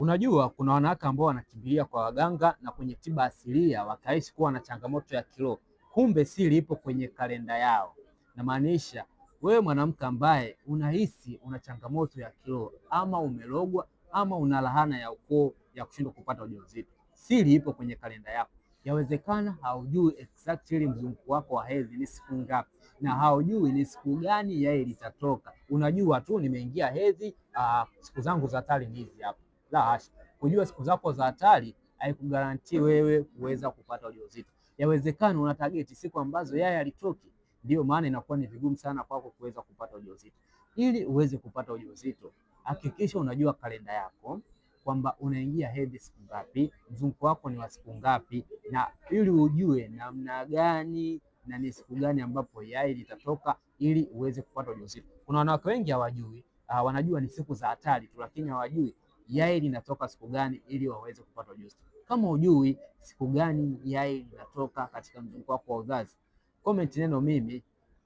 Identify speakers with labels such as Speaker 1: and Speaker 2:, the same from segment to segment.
Speaker 1: Unajua kuna wanawake ambao wanakimbilia kwa waganga na kwenye tiba asilia wakahisi kuwa na changamoto ya kiroho, kumbe siri ipo kwenye kalenda yao. Namaanisha wewe mwanamke ambaye unahisi una changamoto ya kiroho, ama umerogwa ama una lahana ya ukoo ya kushindwa kupata ujauzito, siri ipo kwenye kalenda yako. Yawezekana haujui exactly mzunguko wako wa hedhi ni siku ngapi, na haujui ni siku gani yai litatoka. Unajua tu nimeingia hedhi, uh, siku zangu za hatari ni hizi hapa. La hasha. Kujua siku zako za hatari haikugaranti wewe kuweza kupata ujauzito. Yawezekana una target siku ambazo yeye alitoki, ndio maana inakuwa ni vigumu sana kwako kuweza kupata ujauzito. Ili uweze kupata ujauzito, hakikisha unajua kalenda yako kwamba unaingia hedhi siku ngapi, mzunguko wako ni wa siku ngapi, na ili ujue namna gani na ni siku gani ambapo yai litatoka ili uweze kupata ujauzito. Kuna wanawake wengi hawajui, uh, wanajua ni siku za hatari tu, lakini hawajui yai linatoka siku gani ili waweze kupata ujauzito. Kama ujui siku gani yai linatoka katika mzunguko wako wa uzazi, comment neno mimi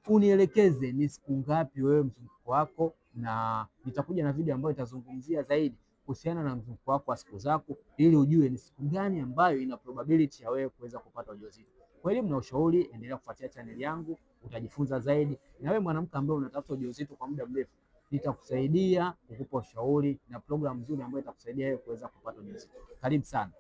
Speaker 1: unielekeze ni siku ngapi wewe mzunguko wako, na nitakuja na video ambayo itazungumzia zaidi kuhusiana na mzunguko wako wa siku zako, ili ujue ni siku gani ambayo ina probability ya wewe kuweza kupata ujauzito. Kwa elimu na ushauri, endelea kufuatia chaneli yangu, utajifunza zaidi. Na wewe mwanamke ambaye unatafuta ujauzito kwa muda mrefu nitakusaidia kukupa ushauri na programu nzuri ambayo itakusaidia wewe kuweza kupata ujauzito. Karibu sana.